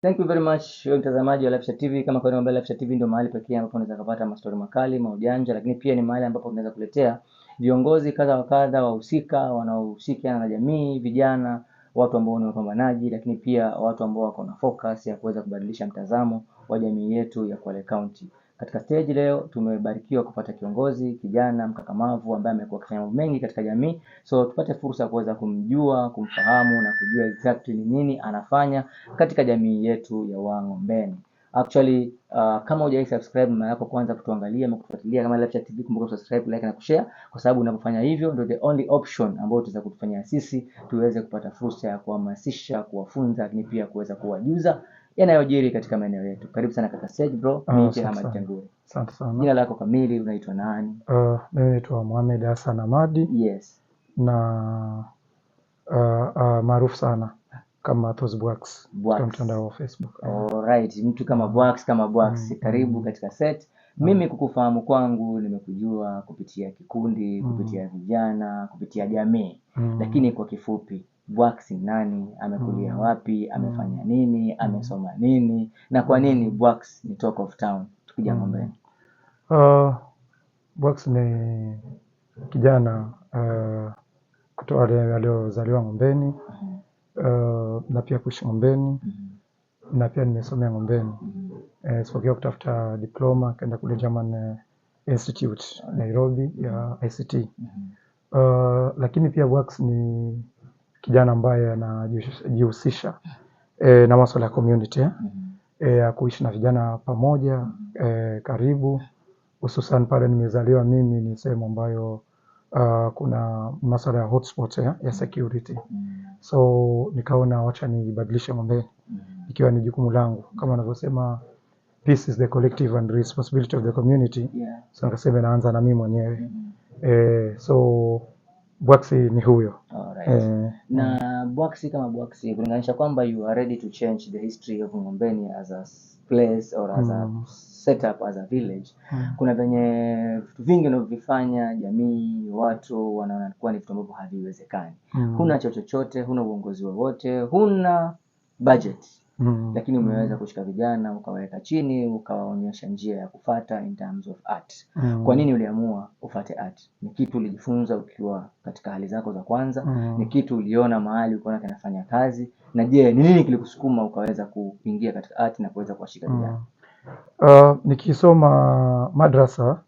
Thank you very much wewe mtazamaji wa Lapsha TV. Kama kawaida, Lapsha TV ndio mahali pekee ambapo unaweza kupata mastori makali, maujanja, lakini pia ni mahali ambapo unaweza kuletea viongozi kadha wa kadha, wahusika wanaohusikiana na jamii, vijana, watu ambao ni wapambanaji, lakini pia watu ambao wako na focus ya kuweza kubadilisha mtazamo wa jamii yetu ya Kwale County. Katika stage leo tumebarikiwa kupata kiongozi kijana mkakamavu ambaye amekuwa akifanya mambo mengi katika jamii, so tupate fursa ya kuweza kumjua, kumfahamu na kujua exactly ni nini anafanya katika jamii yetu ya Wang'ombeni. Actually uh, kama hujai subscribe mara yako kwanza kutuangalia ama kufuatilia kama Lepcha TV, kumbuka subscribe, like na kushare, kwa sababu unapofanya hivyo ndio the only option ambayo tutaweza kutufanyia sisi tuweze kupata fursa ya kuhamasisha, kuwafunza, lakini pia kuweza kuwajuza yanayojiri katika maeneo yetu. Karibu sana kaka Sage bro. Mimi ah, ni Asante sana. Jina lako kamili unaitwa nani? Uh, mimi naitwa Mohamed Hassan amadi Yes. Na uh, uh, maarufu sana kama mtandao wa Facebook. Alright, mtu kama Bwax kama Bwax. Mm. Karibu mm. katika set. Mm. Mimi kukufahamu kwangu nimekujua kupitia kikundi, mm. kupitia vijana, kupitia jamii. Mm. Lakini kwa kifupi Bwaks ni nani, amekulia mm. wapi, amefanya mm. nini, amesoma nini na kwa mm. nini Bwaks ni talk of town. Tukija yake. uh, Bwaks ni kijana uh, kutoka aliyozaliwa Ng'ombeni uh, na pia kuishi Ng'ombeni na pia nimesomea Ng'ombeni isipokuwa eh, uh, kutafuta diploma kaenda kule German uh, Institute Nairobi ya ICT mm-hmm. uh, lakini pia ni kijana ambaye anajihusisha e, na masuala ya community eh? Mm-hmm. Eh, ya e, kuishi na vijana pamoja e, karibu hususan pale nimezaliwa mimi ni sehemu ambayo uh, kuna masuala ya hotspot ya, ya mm-hmm. security so nikaona wacha nibadilishe mambo ikiwa ni jukumu langu kama wanavyosema peace is the collective and responsibility of the community yeah. So nikasema naanza na mimi mwenyewe mm -hmm. eh, so Bwaksi ni huyo. Alright. Eh, na eh. Bwaksi kama Bwaksi kulinganisha kwamba you are ready to change the history of Ngombeni as a place or as a mm. up as a village mm. Kuna venye vitu vingi unavyovifanya, jamii watu wanaona kuwa ni vitu ambavyo haviwezekani mm. Huna chochote, huna uongozi wowote, huna budget mm. lakini umeweza mm-hmm. kushika vijana ukawaweka chini ukawaonyesha njia ya kufata in terms of art mm. kwa nini uliamua ufate art? Ni kitu ulijifunza ukiwa katika hali zako za kwanza mm. ni kitu uliona mahali ukaona kinafanya kazi, na je, ni nini kilikusukuma ukaweza kuingia katika art na kuweza kuwashika vijana? mm. uh, nikisoma madrasa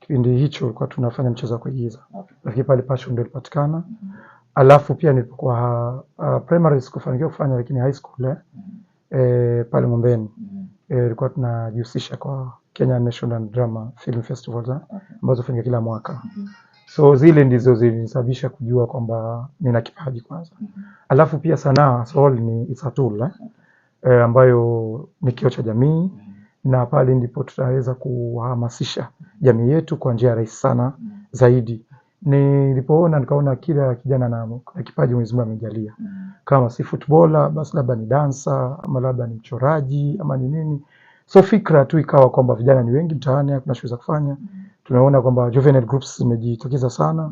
kipindi hicho kwa tunafanya mchezo wa kuigiza okay. Lakini pale passion ndio ilipatikana mm -hmm. Alafu pia nilipokuwa uh, primary sikufanikiwa kufanya, lakini high school eh, mm -hmm e, pale Mumbeni mm-hmm. eh, ilikuwa e, tunajihusisha kwa Kenya National Drama Film Festival eh, ambazo hufanyika kila mwaka mm -hmm. So zile ndizo zilinisababisha kujua kwamba nina kipaji kwanza mm -hmm. Alafu pia sanaa soul ni it's a tool ambayo ni kioo cha jamii mm -hmm. Na pale ndipo tutaweza kuhamasisha jamii yetu kwa njia rahisi sana mm-hmm. Zaidi nilipoona nikaona kila kijana na kipaji Mwenyezi Mungu amejalia mm kama si footballer basi labda ni dansa ama labda ni mchoraji ama ni nini. So fikra tu ikawa kwamba vijana ni wengi mtaani, hakuna shughuli za kufanya. Tunaona kwamba juvenile groups zimejitokeza sana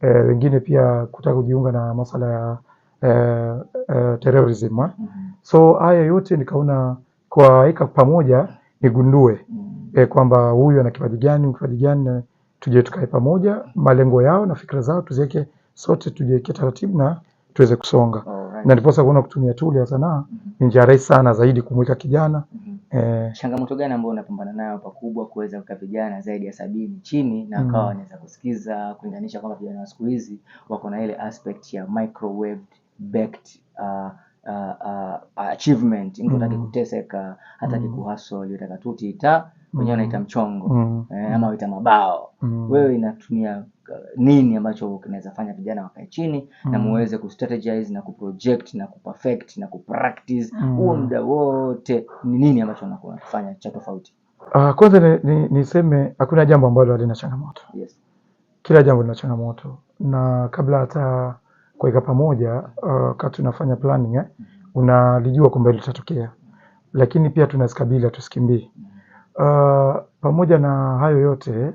e, wengine pia kutaka kujiunga na masala ya e, e, terrorism. ha? Ah. So haya yote nikaona kuwaweka pamoja nigundue e, kwamba huyu ana kipaji gani, kipaji gani, tuje tukae pamoja, malengo yao na fikra zao tuziweke sote, tujiweke taratibu na tuweze kusonga na ndiposa kuona kutumia tuli ya sanaa mm-hmm. ni njia rahisi sana zaidi kumweka kijana mm-hmm. Eh, changamoto gani ambayo unapambana nayo pakubwa kuweza kuweka vijana zaidi ya sabini chini na mm-hmm. akawa wanaweza kusikiza kulinganisha kwamba vijana wa siku hizi wako na ile aspect ya microwave backed uh, uh, uh, achievement mtu hataki kuteseka hataki mm. kuhaswa yotaka tu tita wenyewe wanaita mm. mchongo mm. eh, ama waita mabao mm. Wewe inatumia uh, nini ambacho kinaweza fanya vijana wakae chini mm. na muweze ku na kuproject na kuperfect na kupractice mm. huo mm. muda wote, ni nini ambacho unakuwa unafanya cha tofauti? Uh, kwanza niseme ni, ni hakuna jambo ambalo halina changamoto yes. Kila jambo lina changamoto na kabla hata kuweka pamoja uh, kati unafanya planning eh, mm-hmm. unalijua kwamba litatokea, lakini pia tunazikabili, tusikimbii mm uh, pamoja na hayo yote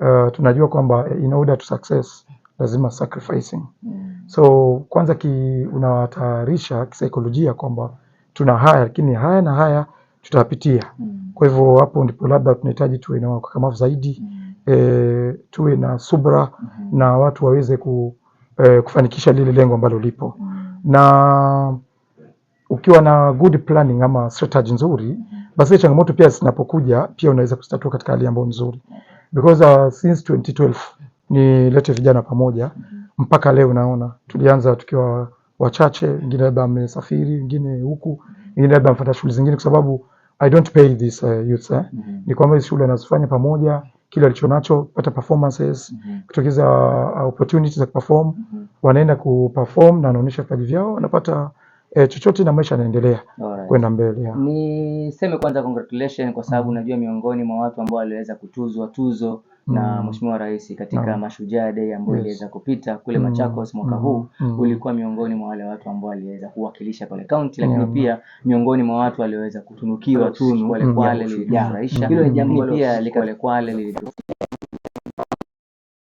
uh, tunajua kwamba in order to success lazima sacrificing mm. So kwanza ki unawatayarisha kisaikolojia kwamba tuna haya lakini haya na haya tutapitia mm. Kwa hivyo hapo ndipo labda tunahitaji tuwe na wakakamavu zaidi mm. e, tuwe na subra mm -hmm. na watu waweze ku, e, kufanikisha lile lengo ambalo lipo mm. na ukiwa na good planning ama strategy nzuri mm -hmm basi changamoto pia zinapokuja pia unaweza kuzitatua katika hali ambayo nzuri because uh, since 2012 ni lete vijana pamoja mpaka leo, unaona tulianza tukiwa wachache, wengine labda amesafiri, wengine huku, wengine labda amfuata shughuli zingine, kwa sababu I don't pay this uh, youth eh. mm -hmm. Ni kwamba hizo shughuli anazifanya pamoja, kile alicho nacho pata performances mm -hmm. kutokeza uh, opportunities za kuperform mm -hmm. wanaenda kuperform na wanaonyesha vipaji vyao, wanapata eh, chochote na maisha yanaendelea kwenda mbele. Niseme kwanza congratulations kwa sababu mm. najua miongoni mwa watu ambao waliweza kutuzwa tuzo na mm. Mheshimiwa Rais katika no. Mm. Mashujaa Day ambayo iliweza yes. kupita kule Machakos mwaka mm. huu mm. ulikuwa miongoni mwa wale watu ambao waliweza kuwakilisha pale kaunti, lakini pia miongoni mwa watu waliweza kutunukiwa tunu Kwale Kwale, lilijafurahisha hilo jambo pia, Kwale Kwale lili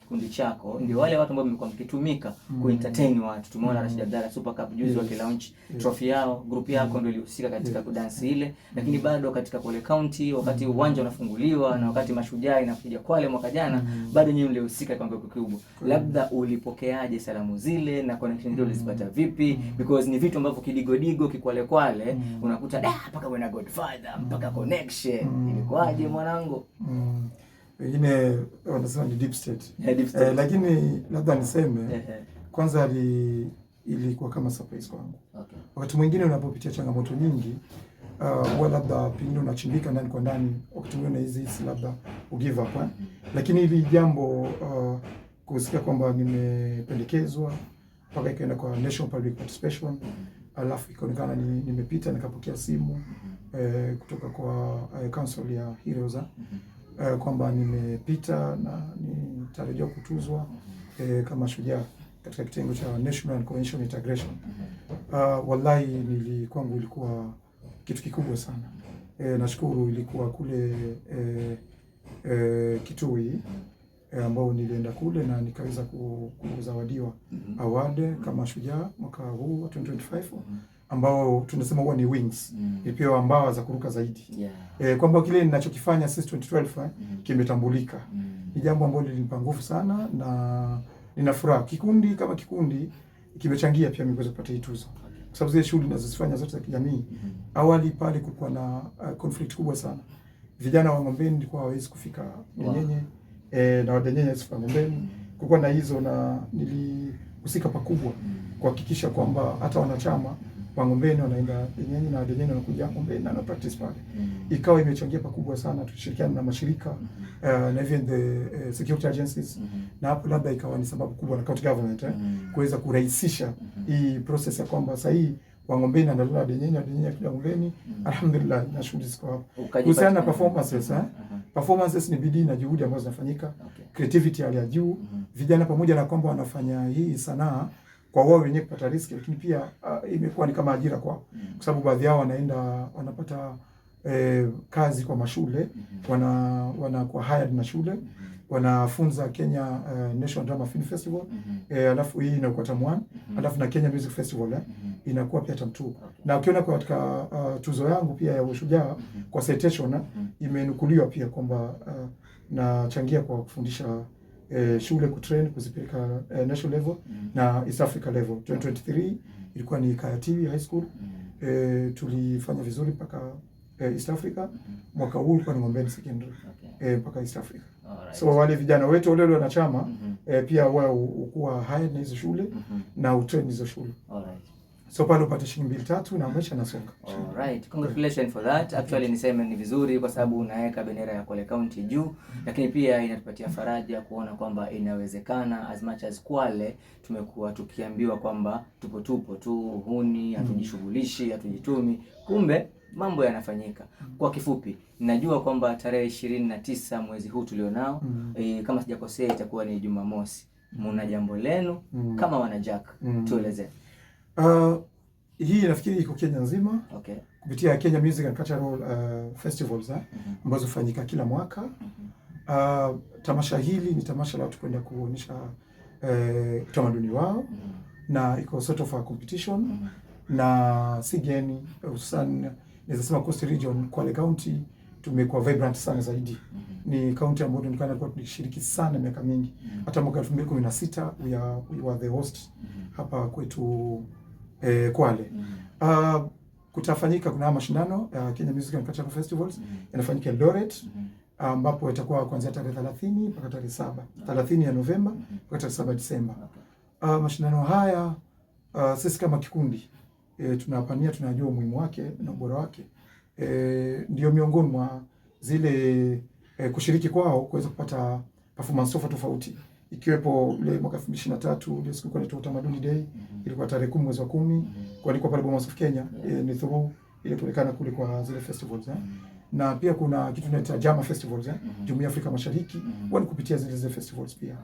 kikundi chako ndio wale watu ambao mmekuwa mkitumika mm. kuentertain watu. Tumeona mm. Rashid Abdalla Super Cup juzi yes. wakilaunch yes. trophy yao, group yako mm. ndio ilihusika katika yes. kudansi ile, lakini mm. bado katika Kwale County wakati mm. uwanja unafunguliwa mm. na wakati mashujaa inakuja Kwale mwaka jana mm. bado nyinyi mlihusika kwa kiwango kikubwa. mm. Labda ulipokeaje salamu zile na connection ndio ulizipata mm. vipi? mm. because ni vitu ambavyo kidigodigo kikwale kwale mm. unakuta da mpaka bwana Godfather mpaka mm. connection mm. ilikuwaje mwanangu? mm wengine wanasema ni deep state, yeah, deep state. Eh, lakini labda niseme yeah. Kwanza li, ilikuwa kama surprise kwangu okay. Wakati mwingine unapopitia changamoto nyingi uh, huwa uh, labda pengine unachimbika ndani kwa ndani, wakati mwingine hizi hisi labda ugive up, eh? mm-hmm. lakini hili jambo uh, kusikia kwamba nimependekezwa mpaka ikaenda kwa National Public Participation mm-hmm. alafu ikaonekana nimepita, nikapokea simu mm-hmm. eh, kutoka kwa eh, council ya Heroes eh? eh, kwamba nimepita na nitarajiwa kutuzwa eh, kama shujaa katika kitengo cha National Convention Integration. Uh, wallahi nili kwangu ilikuwa kitu kikubwa sana eh, nashukuru ilikuwa kule eh, eh, Kitui eh, ambao nilienda kule na nikaweza kuzawadiwa mhm. awade kama shujaa mwaka huu 2025 ambao tunasema huwa ni wings mm. ni pia mbawa za kuruka zaidi yeah. E, kwamba kile ninachokifanya since 2012 eh, mm. kimetambulika mm. ni jambo ambalo lilinipa nguvu sana na nina furaha. Kikundi kama kikundi kimechangia pia mimi kupata hii tuzo okay. kwa sababu zile shughuli ninazozifanya zote za kijamii mm awali pale kulikuwa na uh, conflict kubwa sana, vijana wa Ng'ombeni nilikuwa hawezi kufika wow. e, na wadenyenye sifa kufika Ng'ombeni mm kulikuwa na hizo na nilihusika pakubwa mm. kuhakikisha kwamba hata wanachama mm Wangombeni wanaenda Genyeni na Wagenyeni wanakuja Wangombeni na practice pale mm -hmm. Ikawa imechangia pakubwa sana, tukishirikiana na mashirika mm -hmm. uh, na even the uh, security agencies mm -hmm. na hapo labda ikawa ni sababu kubwa na county government eh, mm -hmm. kuweza kurahisisha mm -hmm. hii process ya kwamba sasa hii na Wangombeni analala na Wagenyeni kuja Wangombeni mm -hmm. alhamdulillah na shughuli ziko hapo kuhusiana na performances eh uh-huh. performances ni bidii na juhudi ambazo zinafanyika okay. creativity hali ya juu mm -hmm. vijana pamoja na kwamba wanafanya hii sanaa kwa wao wenyewe kupata riski, lakini pia uh, imekuwa ni kama ajira kwao mm. kwa sababu baadhi yao wanaenda wanapata eh, kazi kwa mashule mm -hmm. wana wanakuwa hired na shule mm -hmm. wanafunza Kenya uh, National Drama Film Festival mm -hmm. eh, alafu hii inakuwa term 1 mm -hmm. alafu na Kenya Music Festival eh, mm -hmm. inakuwa pia term 2 okay. na ukiona kwa katika uh, tuzo yangu pia ya ushujaa mm -hmm. kwa citation mm -hmm. imenukuliwa pia kwamba uh, nachangia kwa kufundisha eh, shule kutrain kuzipeleka eh, national level mm -hmm na East Africa level 2023 mm. ilikuwa ni Kayatibi High School e, tulifanya vizuri mpaka eh, East Africa. Mm-hmm. Mwaka huu ulikuwa ni Ng'ombeni Secondary okay. eh, mpaka East Africa Alright. So wale vijana wetu wale wanachama mm -hmm. eh, pia wao hukuwa haya na hizo shule mm -hmm. na utrain hizo shule So pale upate shilingi mbili tatu na maisha nasonga. All right. Congratulations yeah. for that. Actually yeah. niseme ni vizuri kwa sababu unaweka bendera ya Kwale County juu mm, -hmm. lakini pia inatupatia faraja kuona kwamba inawezekana as much as Kwale tumekuwa tukiambiwa kwamba tupo tupo tu uhuni, mm-hmm. hatujishughulishi, hatujitumi. Kumbe mambo yanafanyika. Mm-hmm. Kwa kifupi, najua kwamba tarehe ishirini na tisa mwezi huu tulionao, mm, -hmm. e, kama sijakosea itakuwa ni Jumamosi. Muna mm-hmm. jambo lenu mm, -hmm. kama wanajaka mm, -hmm. tuelezee. Uh, hii nafikiri iko Kenya nzima okay. Kupitia Kenya Music and Cultural uh, Festivals eh, mm -hmm. ambazo hufanyika kila mwaka mm -hmm. uh, tamasha hili ni tamasha la watu kwenda kuonyesha uh, utamaduni uh, wao mm -hmm. na iko sort of a competition mm -hmm. na si geni hususan naweza sema Coast Region Kwale County tumekuwa vibrant sana zaidi mm -hmm. ni kaunti ambayo tunaonekana kwa tunashiriki sana miaka mingi mm -hmm. hata mwaka 2016 we, are, we were the host mm -hmm. hapa kwetu e, Kwale mm -hmm. uh, kutafanyika kuna mashindano ya uh, Kenya Music and Cultural Festivals yanafanyika mm. mm -hmm. Eldoret ambapo uh, itakuwa kuanzia tarehe 30 mpaka tarehe saba 30 ya Novemba mm -hmm. mpaka tarehe saba Disemba. Uh, mashindano haya uh, sisi kama kikundi e, tunapania tunajua umuhimu wake na ubora wake e, ndio miongoni mwa zile e, kushiriki kwao kuweza kupata performance tofauti ikiwepo ile mwaka 2023 ile siku kwa inaitwa Utamaduni Day mhm. ilikuwa tarehe 10 mwezi wa 10 mhm. kwa nilikuwa pale Bomas of Kenya yeah. E, ni through ile kuonekana kule kwa zile festivals eh. Mhm. Na pia kuna kitu tunaita Jama festivals eh, Jumuiya ya Afrika Mashariki mm -hmm. kupitia zile zile festivals pia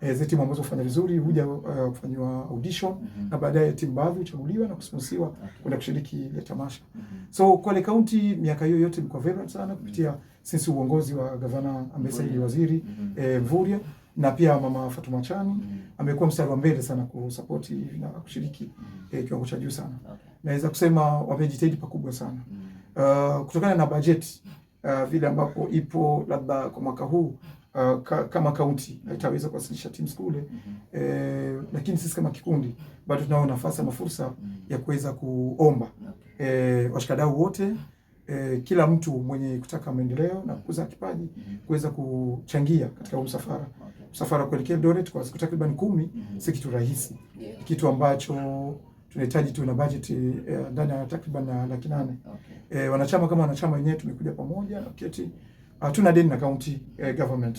eh, zile timu ambazo hufanya vizuri huja uh, kufanywa audition mm -hmm. na baadaye timu baadhi huchaguliwa na kusponsiwa okay. kwenda kushiriki ile tamasha mm -hmm. so Kwale County miaka hiyo yote ilikuwa vibrant sana kupitia mm -hmm. sisi uongozi wa gavana ambaye sasa ni waziri mm -hmm. eh, Mvurya na pia mama Fatuma Chani mm. amekuwa mstari wa mbele sana kusapoti na kushiriki mm. eh, kiwango cha juu sana okay. Naweza kusema wamejitahidi pakubwa sana mm. Uh, kutokana na bajeti uh, vile ambapo ipo labda kwa mwaka huu uh, ka, kama kaunti haitaweza mm. kuwasilisha teams kule eh, mm -hmm. eh, lakini sisi kama kikundi bado tunao nafasi ama fursa mm. ya kuweza kuomba okay. eh, washikadau wote Eh, kila mtu mwenye kutaka maendeleo na mm. kukuza kipaji mm -hmm. kuweza kuchangia katika huu msafara okay safari wa kuelekea Eldoret kwa siku takriban kumi mm -hmm. si kitu rahisi yeah. kitu ambacho tunahitaji tu na budget eh, ndani ya takriban laki nane okay. E, wanachama kama wanachama wenyewe tumekuja pamoja keti, hatuna deni na county eh, government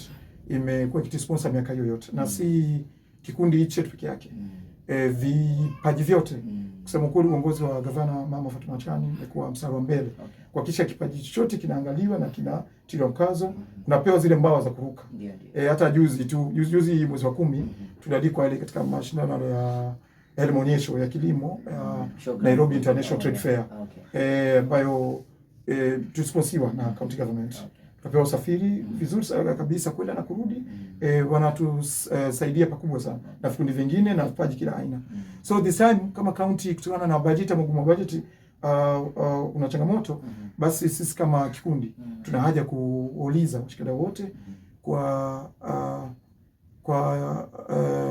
imekuwa ikitusponsor miaka hiyo yote na mm -hmm. si kikundi hichi peke yake mm -hmm. e, vipaji vyote mm kusema kweli, uongozi wa gavana mama Fatuma Chani umekuwa mstari wa mbele okay. kuhakikisha kipaji chochote kinaangaliwa na kinatiliwa mkazo mm -hmm. unapewa zile mbawa za kuruka yeah, yeah. E, hata juzi tu juzi, juzi mwezi wa kumi mm -hmm. tulialikwa ile katika mashindano ya yale maonyesho ya kilimo mm -hmm. Nairobi International okay. Trade Fair eh, ambayo okay. e, eh, e, tulisponsiwa na county government okay tunapewa usafiri vizuri kabisa kwenda na kurudi e, wanatusaidia uh, pakubwa sana na vikundi vingine na vipaji kila aina. Mm. So this time kama county kutokana na bajeti ama ugumu wa bajeti uh, uh, una changamoto, mm. basi sisi kama kikundi tuna haja kuuliza washikadau wote kwa uh, kwa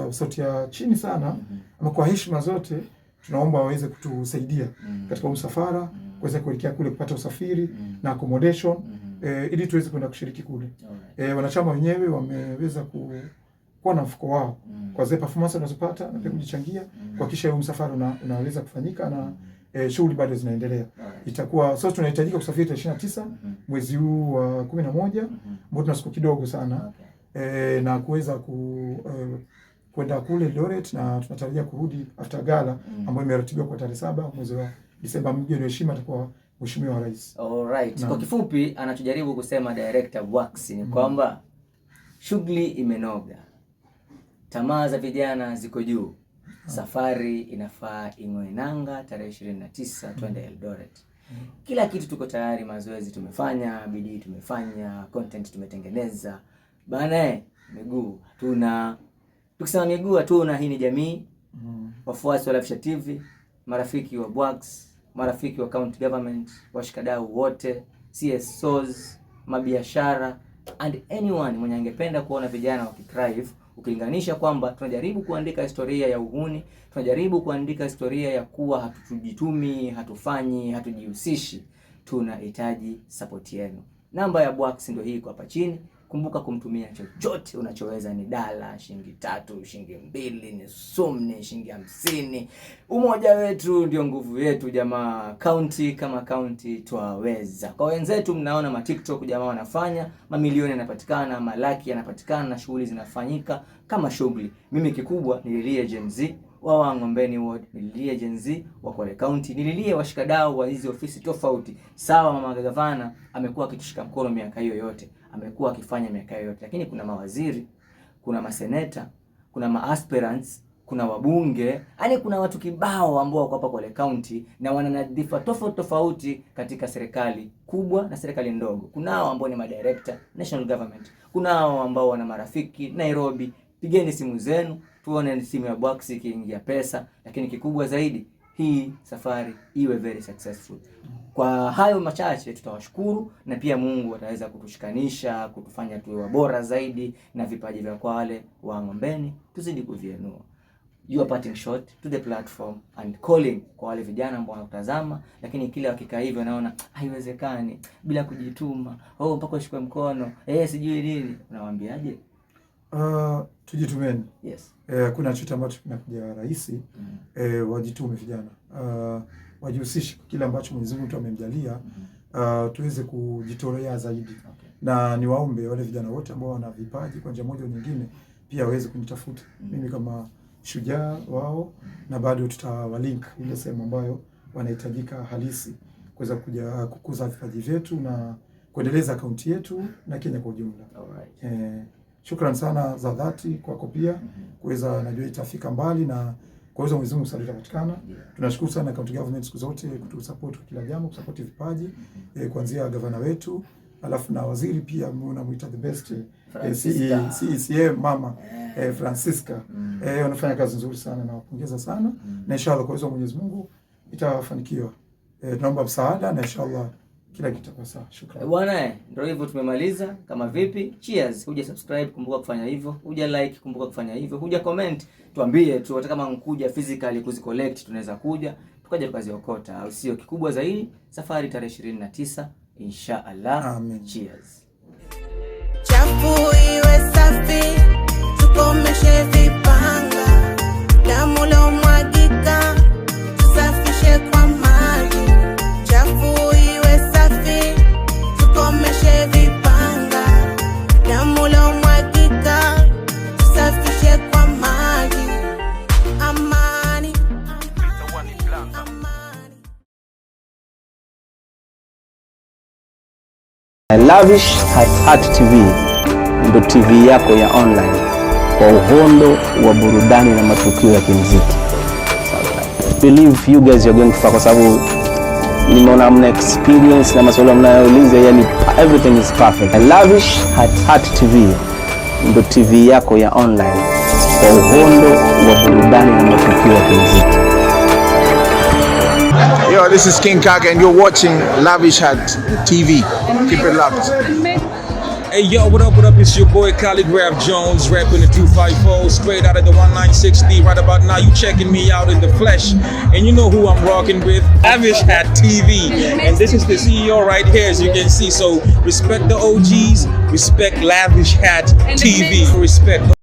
uh, sauti ya chini sana mm-hmm. ama kwa heshima zote tunaomba waweze kutusaidia katika usafara kuweza kuelekea kule kupata usafiri na accommodation mm-hmm e, ili tuweze kwenda kushiriki kule. E, wanachama wenyewe wameweza ku kuwa na mfuko wao mm. kwa zile performance unazopata na pia mm. kujichangia mm. kwa kisha huo msafara una, unaweza kufanyika na e, shughuli bado zinaendelea. right. Itakuwa sasa tunahitajika kusafiri tarehe 29 mm -hmm. mwezi huu wa 11 mm moja mm-hmm. tuna siku kidogo sana okay. e, na kuweza ku e, kwenda kule Loret na tunatarajia kurudi after gala mm. ambayo imeratibiwa kwa tarehe saba mwezi wa Disemba. Mgeni wa heshima atakuwa Mheshimiwa Rais. right. Kwa kifupi anachojaribu kusema Director Wax ni mm-hmm. kwamba shughuli imenoga, tamaa za vijana ziko juu, ah. safari inafaa ing'oe nanga tarehe ishirini na tisa mm-hmm. twende Eldoret. Mm-hmm. Kila kitu tuko tayari, mazoezi tumefanya, bidii tumefanya, content tumetengeneza bana, miguu hatuna. Tukisema miguu hatuna, hii ni jamii, wafuasi wa Lafisha TV, marafiki wa mm marafiki wa county government, washikadau wote, CSOs, mabiashara and anyone mwenye angependa kuona vijana wakitrive, ukilinganisha kwamba tunajaribu kuandika historia ya uhuni, tunajaribu kuandika historia ya kuwa hatujitumi, hatufanyi, hatujihusishi. Tunahitaji sapoti yenu. Namba ya Bwax ndio hii kwa hapa chini kumbuka kumtumia chochote unachoweza, ni dala, shilingi tatu, shilingi mbili, ni sumni, shilingi hamsini. Umoja wetu ndio nguvu yetu jamaa, kaunti kama kaunti twaweza. Kwa wenzetu mnaona ma TikTok jamaa wanafanya mamilioni, yanapatikana malaki yanapatikana, shughuli zinafanyika kama shughuli. Mimi kikubwa nililie Gen Z wa Wang'ombeni Ward, nililie Gen Z wa Kwale County, nililie washikadau wa hizi ofisi tofauti. Sawa, mama gavana amekuwa akitushika mkono miaka hiyo yote amekuwa akifanya miaka yote, lakini kuna mawaziri, kuna maseneta, kuna maaspirants, kuna wabunge, yaani kuna watu kibao ambao wako hapa Kwale County na wana nadhifa tofauti tofauti katika serikali kubwa na serikali ndogo. Kunao ambao ni madirector national government, kunao ambao wana marafiki Nairobi. Pigeni simu zenu tuone simu ya box ikiingia pesa, lakini kikubwa zaidi hii safari iwe very successful. Kwa hayo machache tutawashukuru, na pia Mungu ataweza kutushikanisha kutufanya tuwe bora zaidi, na vipaji vya Kwale wale wa Ng'ombeni tuzidi kuvienua. You are parting shot to the platform and calling kwa wale vijana ambao wanakutazama, lakini kila wakikaa hivyo naona haiwezekani bila kujituma, oh mpaka ushikwe mkono eh, sijui nini, unawaambiaje? Uh, tujitumeni Yes. Eh, kuna chote ambacho kinakuja rahisi mm. Eh, wajitume vijana uh, wajihusishe kile ambacho Mwenyezi Mungu amemjalia mm. uh, tuweze kujitolea zaidi okay. Na niwaombe wale vijana wote ambao wana vipaji kwa njia moja au nyingine pia waweze kunitafuta mm. mimi kama shujaa wao mm. na bado tutawalink ile sehemu ambayo wanahitajika halisi kuweza kuja uh, kukuza vipaji vyetu na kuendeleza akaunti yetu na Kenya kwa ujumla. All right. Eh, Shukran sana za dhati kwako pia kuweza, najua itafika mbali na kwa kuweza Mwenyezi Mungu sana itapatikana. Tunashukuru sana county government siku zote kutusupport kwa kila jambo, kusupport vipaji eh, kuanzia gavana wetu alafu na waziri pia mnamuita the best eh, CECA e e mama eh, Francisca mm. eh, wanafanya kazi nzuri sana na wapongeza sana mm. na inshallah kwa uwezo wa Mwenyezi Mungu itafanikiwa. Eh, tunaomba msaada na inshallah kila kitu kwa sawa. Shukrani eh, bwana. Eh, ndio hivyo, tumemaliza. Kama vipi? Cheers. Huja subscribe, kumbuka kufanya hivyo. Huja like, kumbuka kufanya hivyo. Huja comment, tuambie tu. Hata kama mkuja physically kuzi collect, tunaweza kuja tukaja tukaziokota, au sio? Kikubwa zaidi, safari tarehe 29 inshaallah. Amen. Cheers. Chafu iwe safi, tukomeshe vipanga, damu la mwagika Lavish Hat TV ndo TV yako ya online kwa uhondo wa burudani na matukio ya kimuziki. Believe you guys are going to fuck kwa sababu nimeona mna experience na maswali mnayouliza, yani everything is perfect. Lavish Hat TV ndo TV yako ya online kwa uhondo wa burudani na matukio ya kimuziki. Yo, this is King Kaka, and you're watching Lavish Hat TV. Keep it locked. Hey yo, what up, what up? It's your boy Calligraph Jones, rapping the 254, straight out of the 1960. Right about now, you checking me out in the flesh, and you know who I'm rocking with, Lavish Hat TV. And this is the CEO right here, as you can see. So respect the OGs, respect Lavish Hat TV, respect.